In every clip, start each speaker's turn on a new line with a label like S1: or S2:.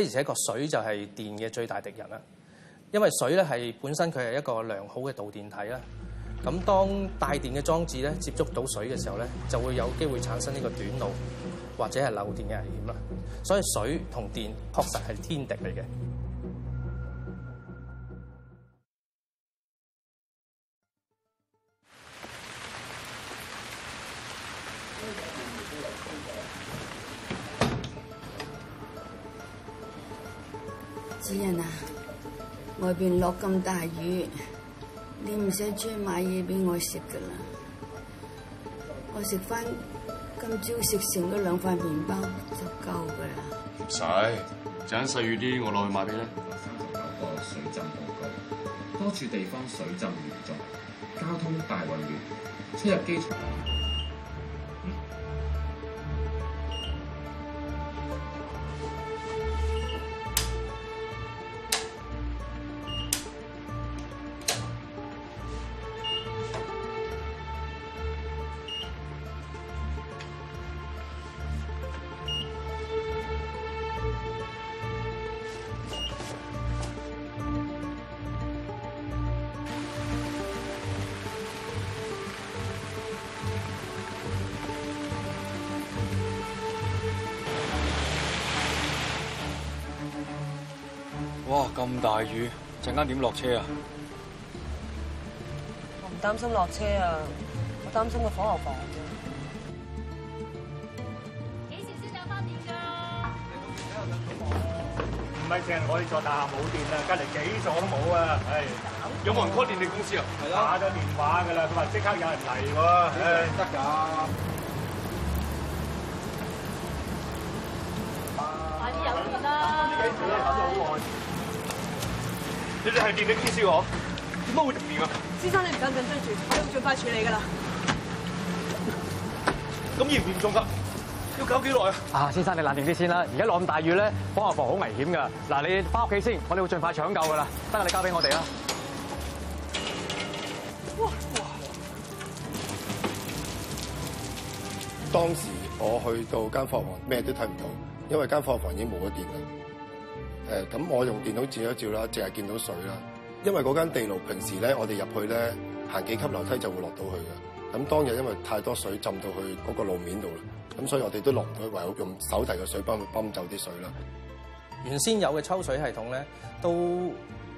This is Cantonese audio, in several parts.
S1: 而且個水就係電嘅最大敵人啦，因為水咧係本身佢係一個良好嘅導電體啦，咁當帶電嘅裝置咧接觸到水嘅時候咧，就會有機會產生呢個短路或者係漏電嘅危險啦，所以水同電確實係天敵嚟嘅。
S2: 子仁啊，外邊落咁大雨，你唔使出去買嘢俾我食噶啦，我食翻今朝食剩嘅兩塊麵包就夠噶啦。
S3: 唔使，就喺細雨啲，我落去買俾你。三十九個水浸報告，多處地方水浸嚴重，交通大混亂，出入機場。
S4: 咁大雨，陣間點落車啊？
S5: 我唔擔心落車啊，我擔心個火爐房啫。幾時先有翻電㗎？你
S4: 目前喺度緊張啊？唔係淨係，我哋座大廈冇電啦，隔離幾座都冇啊！唉，有冇人 call 電力公司啊？係咯，打咗電話噶啦，佢話即刻有人嚟喎。唉，得㗎。快啲有電啦！
S5: 等咗好
S1: 耐。
S3: 你哋
S5: 係電力公司嘅嗬？點解會停
S4: 電啊？先生，你唔緊要，跟住我哋會盡快處理噶啦。咁嚴唔嚴重啊？要搞幾耐啊？啊，先生，你冷靜啲先啦。而家落咁大雨咧，火牛房好危險噶。嗱，你翻屋企先，我哋會盡快搶救噶啦。得啦，你交俾我哋啦。哇哇！
S1: 當時我去到間火牛房，咩都睇唔到，因為間火牛房已經冇咗電啦。誒咁，嗯、我用電腦照一照啦，淨係見到水啦。因為嗰間地牢平時咧，我哋入去咧行幾級樓梯就會落到去嘅。咁當日因為太多水浸到去嗰個路面度啦，咁所以我哋都落唔去，唯有用手提嘅水泵去泵走啲水啦。原先有嘅抽水系統咧，都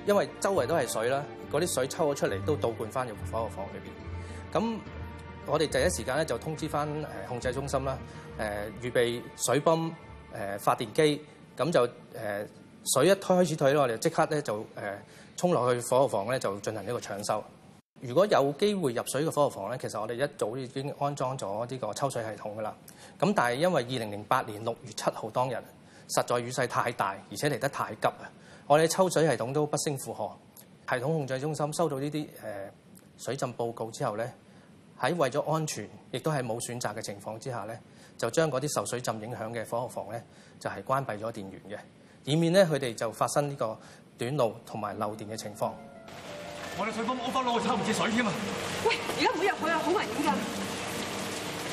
S1: 因為周圍都係水啦，嗰啲水抽咗出嚟都倒灌翻入火藥房裏邊。咁我哋第一時間咧就通知翻誒控制中心啦，誒、呃、預備水泵誒、呃、發電機，咁就誒。呃水一開開始退，我哋即刻咧就誒、呃、沖落去火藥房咧，就進行呢個搶修。如果有機會入水嘅火藥房咧，其實我哋一早已經安裝咗呢個抽水系統㗎喇。咁但係因為二零零八年六月七號當日，實在雨勢太大，而且嚟得太急啊，我哋抽水系統都不勝負荷。系統控制中心收到呢啲誒水浸報告之後咧，喺為咗安全，亦都係冇選擇嘅情況之下咧，就將嗰啲受水浸影響嘅火藥房咧，就係、是、關閉咗電源嘅。以免咧佢哋就發生呢個短路同埋漏電嘅情況。
S4: 我哋水泵冇返落去抽唔住水添啊！喂，
S5: 而家唔好入去啊，好危險㗎！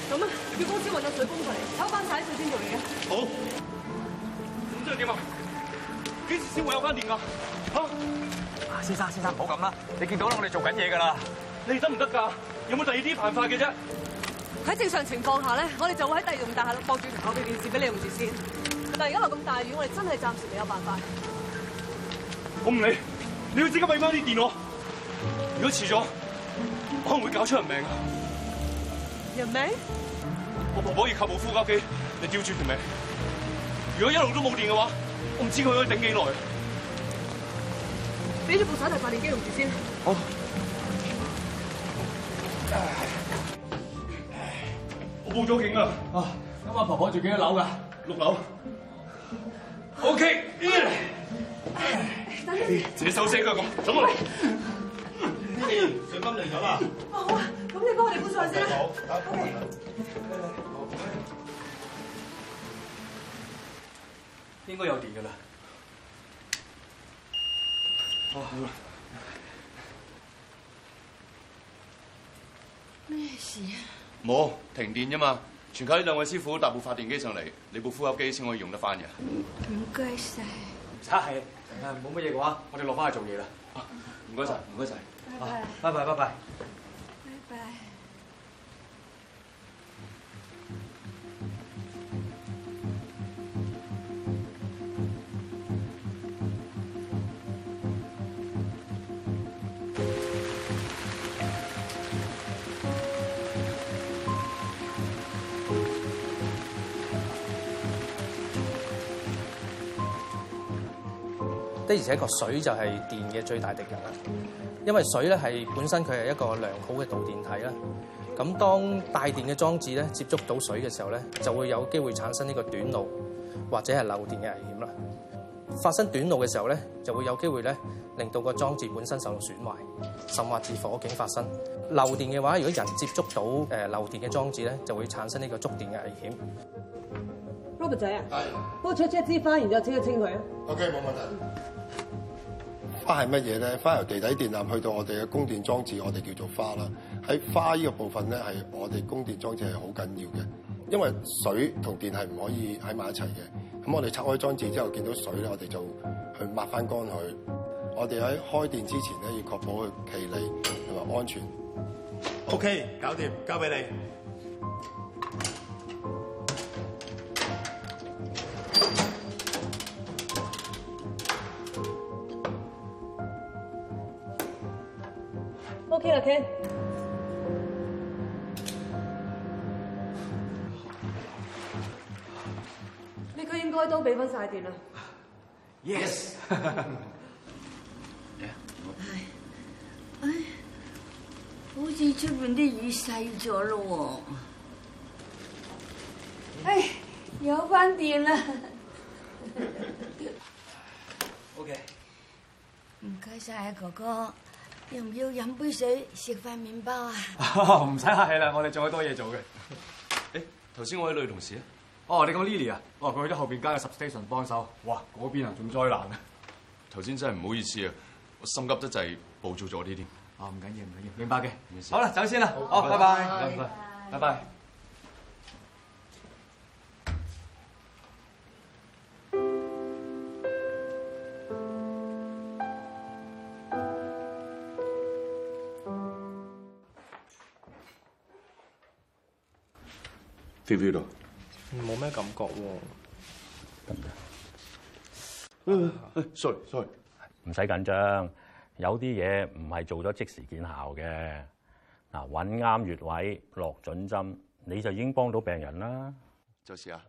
S5: 咁啊，叫公司換隻水泵過嚟，抽翻
S4: 晒水先做嘢。好，唔、嗯嗯、知點啊？幾時先會有翻電㗎？啊！先生，先生唔好咁啦，你見到啦，我哋做緊嘢㗎啦，你哋得唔得㗎？有冇第二啲辦法嘅啫？
S5: 喺、嗯、正常情況下咧，我哋就會喺第二棟大廈度放住台可變電池俾你用住先。但
S3: 而家落咁大雨，我哋真係暫時未有辦法。我唔理，你要即刻畀返啲電我。如果遲咗，我可能會搞出人命噶、啊。
S1: 人命？
S3: 我婆婆要靠部呼吸機嚟吊住條命。如果一路都冇電嘅話，我唔知佢可以頂幾耐。俾
S4: 住部手提發電機用住先。好。我報咗警啦。啊，啱婆婆住幾多樓噶？六樓。O
S3: Okay ,
S5: K，等，
S3: 等你自己收聲啦，咁走啦。啲電上金就走啦。
S5: 好啊，咁你幫我哋搬上
S4: 先啦。好，O K。應該有電
S5: 㗎喇。啊，好啦。咩事啊？
S3: 冇，停電啫嘛。全靠呢兩位師傅搭部發電機上嚟，你部呼吸機先可以用得翻
S5: 嘅。唔該晒。
S4: 唔使。係，冇乜嘢嘅話，我哋落翻去做嘢啦。唔該晒，唔該晒。拜拜，拜拜，拜拜。
S1: 的而且個水就係電嘅最大敵人啦，因為水咧係本身佢係一個良好嘅導電體啦。咁當帶電嘅裝置咧接觸到水嘅時候咧，就會有機會產生呢個短路或者係漏電嘅危險啦。發生短路嘅時候咧，就會有機會咧令到個裝置本身受到損壞，甚或至火警發生。漏電嘅話，如果人接觸到誒漏電嘅裝置咧，就會產生呢個觸電嘅危險。
S4: Robert 仔啊，係是，幫我吹一枝花，然
S1: 之後清一清佢啊。OK，冇問題。花係乜嘢咧？花由地底電纜去到我哋嘅供電裝置，我哋叫做花啦。喺花呢個部分咧，係我哋供電裝置係好緊要嘅，因為水同電係唔可以喺埋一齊嘅。咁我哋拆開裝置之後，見到水咧，我哋就去抹翻乾佢。我哋喺開電之前咧，要確保佢企理同埋安全。OK，搞掂，交俾你。
S4: O K 啦，Ken，
S5: 呢個應該都畀翻晒電啦。
S4: Yes，
S5: 哎，好似出邊啲雨細咗咯喎，哎， 有返電啦。OK，唔該晒哥哥。要唔要飲杯水，食塊麵包
S4: 啊？唔使、哦、客氣啦，我哋仲有好多嘢做嘅。誒，頭先我去女同事、哦、啊，哦，你講 Lily 啊，哇，佢去咗後邊加個 Substation 幫手，哇，嗰邊啊仲災難啊！頭先
S3: 真係唔好意思啊，我心急得滯、哦，暴躁咗啲添。啊，唔緊要唔緊要，明白嘅。事好啦，走先啦，好，好拜，拜，拜拜，拜拜，拜拜。feel 唔 feel 到？
S1: 冇咩感覺喎。得唔得
S3: ？sorry sorry，唔使緊張。有啲嘢唔係做咗即時見效嘅。嗱，揾啱穴位落準針，你就已經幫到病人啦。做事下。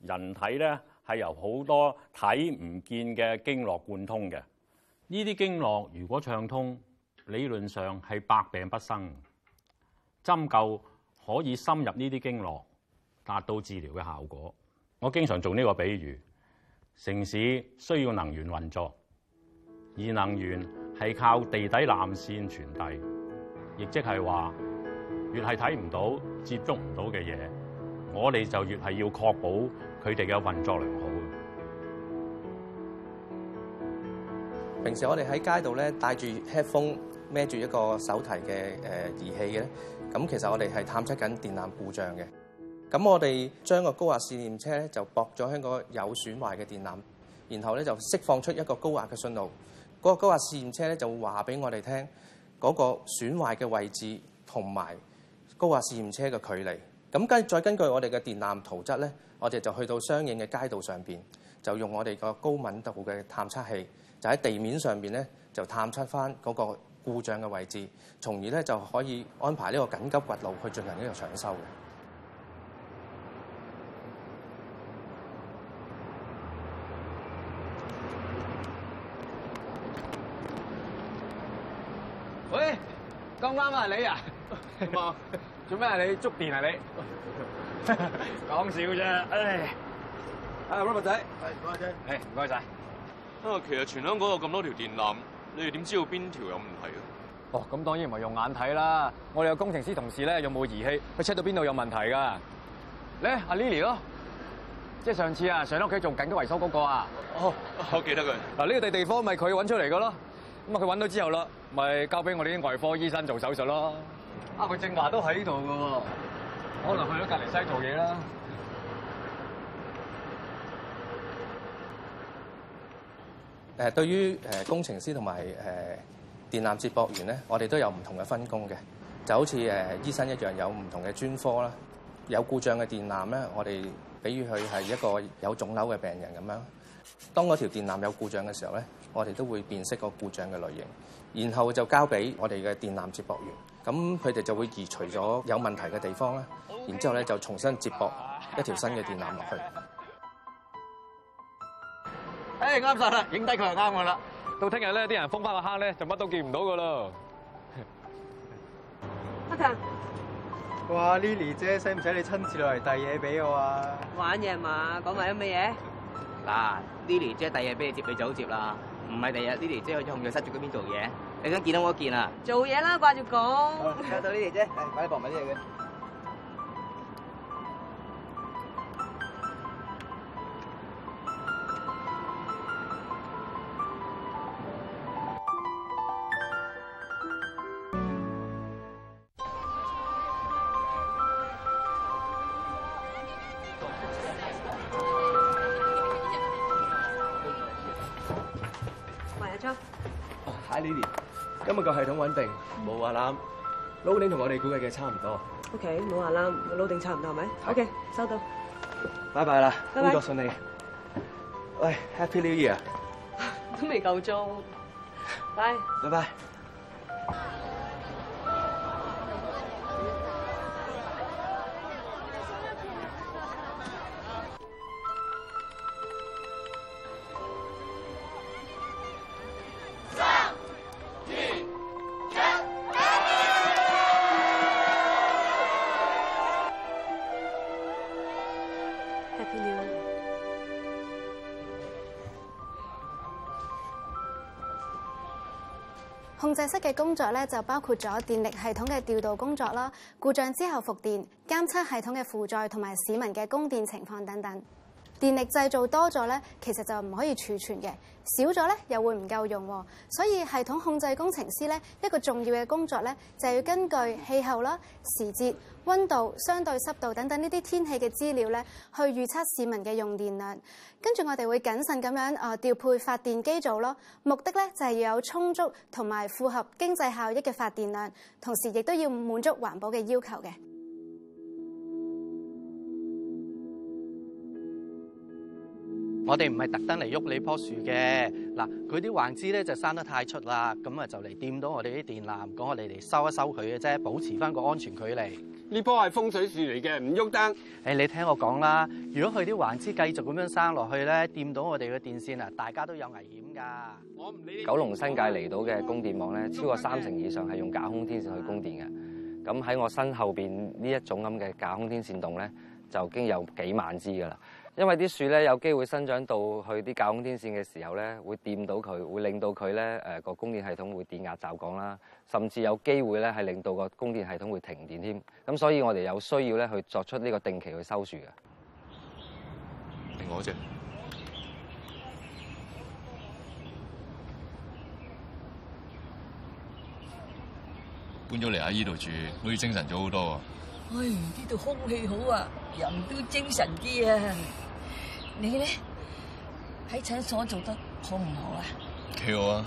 S3: 人體咧係由好多睇唔見嘅經絡貫通嘅。呢啲經絡如果暢通，理論上係百病不生。針灸可以深入呢啲經絡，達到治療嘅效果。我經常做呢個比喻：城市需要能源運作，而能源係靠地底纜線傳遞，亦即係話，越係睇唔到、接觸唔到嘅嘢，我哋就越係
S1: 要確保佢哋嘅運作良好。平時我哋喺街度咧，戴住 headphone，孭住一個手提嘅誒儀器嘅。咁其實我哋係探測緊電纜故障嘅。咁我哋將個高壓試驗車咧就駁咗喺個有損壞嘅電纜，然後咧就釋放出一個高壓嘅信號。嗰個高壓試驗車咧就會話俾我哋聽嗰個損壞嘅位置同埋高壓試驗車嘅距離。咁跟再根據我哋嘅電纜圖則咧，我哋就去到相應嘅街道上邊，就用我哋個高敏度嘅探測器，就喺地面上邊咧就探測翻、那、嗰個。故障嘅位置，從而咧就可以安排呢個緊急掘路去進行呢個搶修嘅。
S4: 喂，咁啱啊你啊，啊 做咩啊你觸電啊你？講笑啫， 哎，啊羅伯仔，係唔該晒！係唔該晒、哎啊、
S3: 其實全香港有咁多條電纜。你哋點知道邊條有
S4: 問題啊？哦，咁當然唔係用眼睇啦，我哋有工程師同事咧，有冇儀器去 check 到邊度有問題噶？咧，阿 Lily 咯，即係上次啊，上我屋企做緊急維修嗰個啊。哦，我、哦啊、記得佢。嗱，呢個地地方咪佢揾出嚟噶咯？咁、嗯、啊，佢揾到之後啦，咪交俾我哋啲外科醫生做手術咯。啊，佢正話都喺呢度噶，
S5: 可能去咗隔離西做嘢啦。
S4: 誒
S1: 對於誒工程師同埋誒電纜接駁員咧，我哋都有唔同嘅分工嘅，就好似誒醫生一樣有唔同嘅專科啦。有故障嘅電纜咧，我哋比喻佢係一個有腫瘤嘅病人咁樣，當嗰條電纜有故障嘅時候咧，我哋都會辨識個故障嘅類型，然後就交俾我哋嘅電纜接駁員，咁佢哋就會移除咗有問題嘅地方啦，然之後咧就重新接駁一條新
S4: 嘅電纜落去。哎，啱晒啦，影低佢就啱噶啦。到聽日咧，啲人封翻個坑咧，就乜都見唔到噶咯。 阿強棠，哇，Lily 姐使唔使你親自落嚟遞嘢俾我啊？
S5: 玩嘢嘛，講埋啲乜嘢？
S1: 嗱，Lily 姐遞嘢俾你接，你就好接啦。唔係第日 Lily 姐去咗控制室嗰邊做嘢。你想見都冇得見啊！
S5: 做嘢啦，掛住講。收、
S4: 哦、 到，Lily 姐，快啲駁埋啲嘢佢。Lily，今日個系統穩定，冇話啦，Loading 同我哋估計嘅差唔多。OK，冇話啦，Loading 差唔多係咪？OK，收到。拜拜啦，工作順利。喂，Happy New Year，都未夠鐘。拜拜拜。
S2: 控制室嘅工作咧，就包括咗電力系統嘅調度工作啦、故障之後復電、監測系統嘅負載同埋市民嘅供電情況等等。電力製造多咗咧，其實就唔可以儲存嘅；少咗咧，又會唔夠用。所以系統控制工程師咧，一個重要嘅工作咧，就要根據氣候啦、時節、温度、相對濕度等等呢啲天氣嘅資料咧，去預測市民嘅用電量。跟住我哋會謹慎咁樣，誒調配發電機組咯。目的咧就係要有充足同埋符合經濟效益嘅發電量，同時亦都要滿足環保嘅要求嘅。
S1: 我哋唔係特登嚟喐你棵樹嘅，嗱，佢啲橫枝咧就生得太出啦，咁啊就嚟掂到我哋啲電纜，講我哋嚟收一收佢嘅啫，保持翻個安全距離。呢棵係風水樹嚟嘅，唔喐得。誒，你聽我講啦，如果佢啲橫枝繼續咁樣生落去咧，掂到我哋嘅電線啊，大家都有危險噶。
S5: 我唔理。九龍新界嚟到嘅供電網咧，超過三成以上係用架空天線去供電嘅。咁喺、啊、我身後邊呢一種咁嘅架空天線洞咧，就已經有幾萬支噶啦。因為啲樹咧有機會生長到去啲架空天線嘅時候咧，會掂到佢，會令到佢咧誒個供電系統會電壓驟降啦，甚至有機會咧係令到個供電系統會停電添。咁所以我哋有需要咧去作出呢個定期去收樹嘅。
S3: 另外一隻搬咗嚟喺呢度住，好似精神咗好多。啊。
S5: 唉，呢度空氣好啊，人都精神啲啊。你咧喺診所做得好唔好啊？
S3: 幾好
S5: 啊！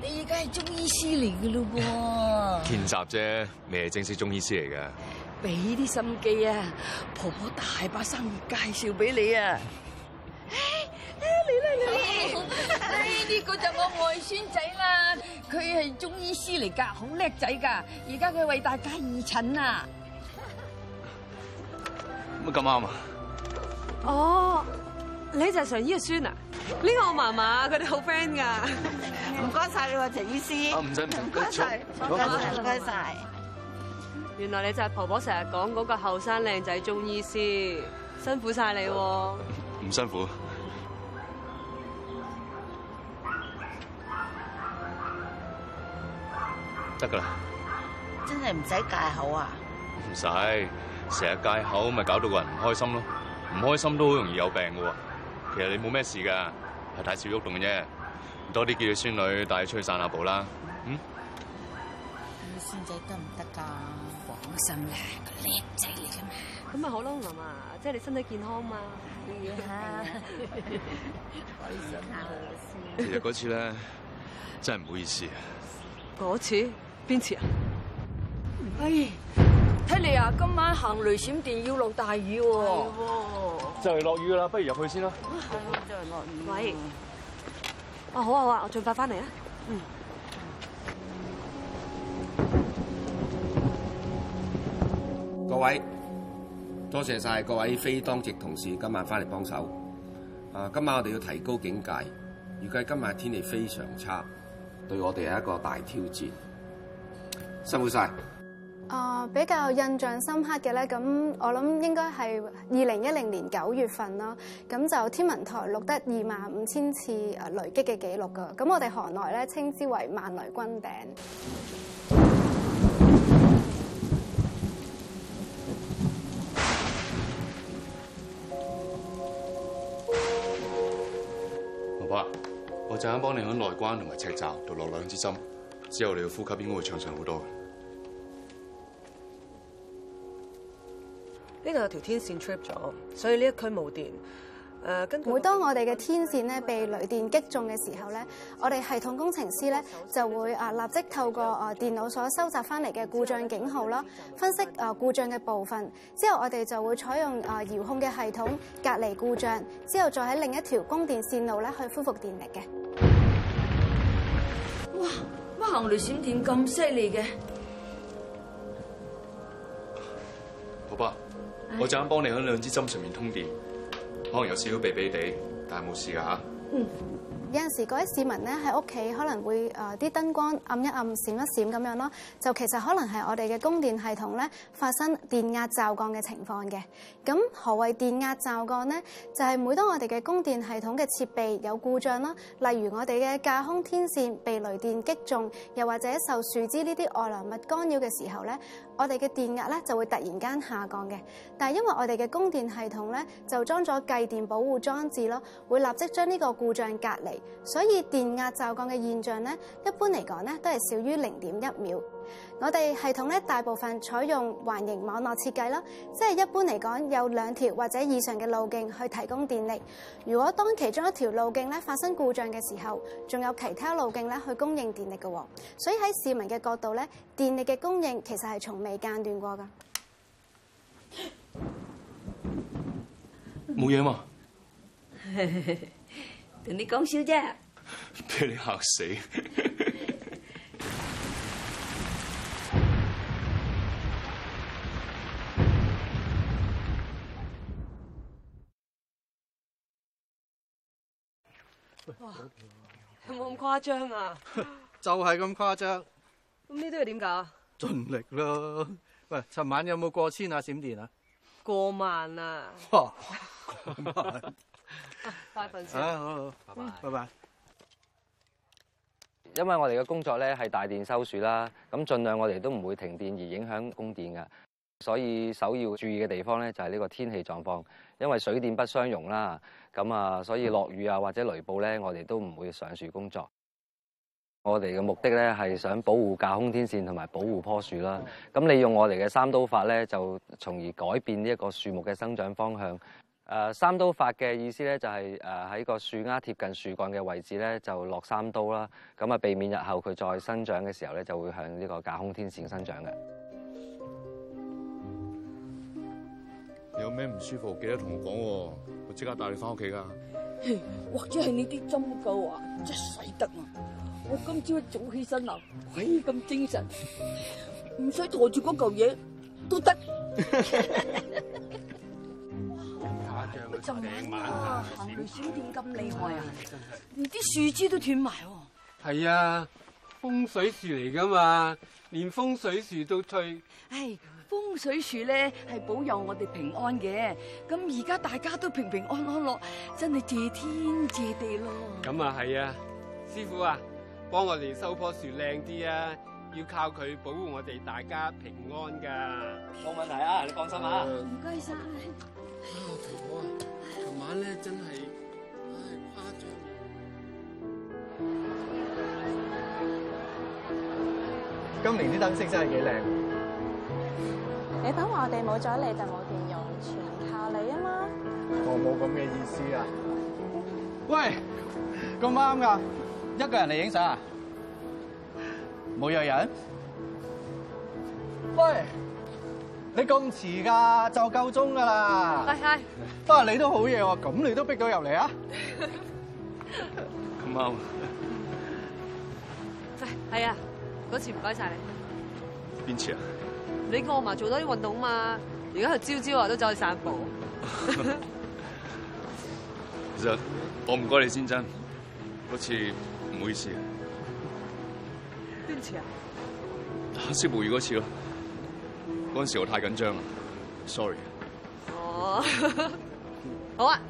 S5: 你而家係中醫師嚟噶咯噃？
S3: 見習啫，未係正式中醫師嚟噶
S5: 俾啲心機啊，婆婆大把生意介紹俾你啊！呢個就我外孫仔啦，佢係中醫師嚟噶，好叻仔噶。而家佢為大家義診啊。
S3: 乜咁
S1: 啱
S5: 啊？哦，你就係常姨嘅孫啊？呢個我嫲嫲佢哋好 friend 噶，唔該晒你喎，陳醫師。唔使唔該晒，唔該晒。原來你就係婆婆成日講嗰個後生靚仔中醫師，辛苦晒你了
S3: 不。唔辛苦。得噶啦！
S2: 真係唔使戒口啊！
S3: 唔使，成日戒口咪搞到個人唔開心咯，唔開心都好容易有病噶喎。其實你冇咩事噶，係太少喐動嘅啫。多啲叫你孫女帶你出去散下步啦，嗯？
S2: 咁你孫仔得唔得噶？放心啦，啊，個靚仔嚟啫嘛。咁咪好咯，嫲嫲，
S5: 即係你身體健康嘛，啲嘢吓。其
S3: 實嗰次咧，真係唔好意思啊。
S5: 嗰次？邊次啊？哎，睇嚟，啊，今晚行雷閃電要落大雨喎。啊
S3: 哦。係就嚟落雨啦，不如入去先啦。
S2: 哦。喂，
S5: 哦好啊。哎，好好我儘快翻嚟啊。嗯。
S1: 各位，多謝晒各位非當值同事今晚翻嚟幫手。啊，今晚我哋要提高警戒，預計今晚天氣非常差，對我哋係一個大挑戰。辛苦晒！
S2: 啊、哦，比較印象深刻嘅咧，咁我諗應該係二零一零年九月份啦。咁就天文台錄得二萬五千次誒雷擊嘅記錄噶。咁我哋行內咧稱之為萬雷轟頂。
S3: 阿伯，我陣間幫你喺內關同埋尺澤度落兩支針。之後，你嘅呼吸應該會暢順好多。
S2: 呢度有條天線 trip 咗，所以呢一區冇電。誒，每當我哋嘅天線咧被雷電擊中嘅時候咧，我哋系統工程師咧就會啊立即透過誒電腦所收集翻嚟嘅故障警號啦，分析誒故障嘅部分，之後我哋就會採用誒遙控嘅系統隔離故障，之後再喺另一條供電線路咧去恢復電力嘅。
S5: 哇！行雷閃電咁犀利嘅，
S3: 好吧，我就陣間幫你喺兩支針上面通電，可能有少少痹痹地，但係冇事㗎嚇。嗯。
S2: 有陣時，嗰啲市民咧喺屋企可能會誒啲、呃、燈光暗一暗、閃一閃咁樣咯，就其實可能係我哋嘅供電系統咧發生電壓驟降嘅情況嘅。咁何謂電壓驟降咧？就係、是、每當我哋嘅供電系統嘅設備有故障啦，例如我哋嘅架空天線被雷電擊中，又或者受樹枝呢啲外來物干擾嘅時候咧。我哋嘅電壓咧就會突然間下降嘅，但係因為我哋嘅供電系統咧就裝咗繼電保護裝置咯，會立即將呢個故障隔離，所以電壓驟降嘅現象咧一般嚟講咧都係少於零點一秒。我哋系統咧，大部分採用環形網絡設計啦，即係一般嚟講有兩條或者以上嘅路徑去提供電力。如果當其中一條路徑咧發生故障嘅時候，仲有其他路徑咧去供應電力噶。所以喺市民嘅角度咧，電力嘅供應其實係從未間斷過噶。
S3: 冇嘢嘛？
S2: 同 你講笑啫，
S3: 俾你嚇死！
S4: 喂
S5: 哇，有冇咁誇張啊？
S1: 就係咁誇張。
S5: 咁呢啲係點搞？
S1: 盡力咯。喂，尋晚有冇過千啊？閃電啊，
S5: 過萬啊？過萬啊？快瞓先。啊，好好，好拜拜，
S4: 拜
S5: 拜。因為我哋嘅工作咧係大電收樹啦，咁盡量我哋都唔會停電而影響供電嘅，所以首要注意嘅地方咧就係呢個天氣狀況。因為水電不相容啦，咁啊，所以落雨啊或者雷暴咧，我哋都唔會上樹工作。我哋嘅目的咧係想保護架空天線同埋保護棵樹啦。咁利用我哋嘅三刀法咧，就從而改變呢一個樹木嘅生長方向。誒，三刀法嘅意思咧就係誒喺個樹丫貼近樹幹嘅位置咧就落三刀啦。咁啊，避免日後佢再生長嘅時候咧就會向呢個架空天線生長嘅。
S3: 有咩唔舒服，記得同我講，我即刻帶你翻屋企噶。
S5: 或者係你啲針灸啊，真係使得啊！我今朝一早起身啊，鬼咁精神，唔使抬住嗰嚿嘢都得。哇！打仗啊，啊，行雷閃電咁厲害啊，連啲樹枝都斷埋。
S1: 係啊，風水樹嚟噶嘛，連風水樹都脆。
S5: 哎。風水樹咧，係保佑我哋平安嘅，咁而家大家都平平安安咯，真係謝天謝地咯。
S1: 咁啊係啊，師傅啊，幫我哋收棵樹靚啲啊，要靠佢保護我哋大家平安噶。冇問題啊，你放心啊。唔
S4: 該晒。
S1: 啊婆婆啊，琴晚咧真係
S4: 唉誇張啊！
S1: 今年啲燈飾真係幾靚。
S2: 你等話我哋冇咗你就冇電用，全靠你啊嘛！
S1: 我冇咁嘅意思啊！喂，咁啱噶，一個人嚟影相啊？冇有，有人？
S5: 喂，
S1: 你咁遲噶就夠鐘噶啦 hi
S5: 嗨！
S1: 不過你都好嘢喎，咁你都逼到入嚟啊？
S3: 咁啱，
S5: 喂，係 啊，嗰次唔該晒你。
S3: 邊次啊？
S5: 你阿嫲做多啲運動嘛？而家朝朝啊都走去散步。
S3: 其實我唔該你先真，好似唔好意思對
S5: 唔起啊。邊
S3: 次啊？黑色暴雨嗰次咯，嗰陣時候我太緊張啦，sorry。哦，
S5: 好啊。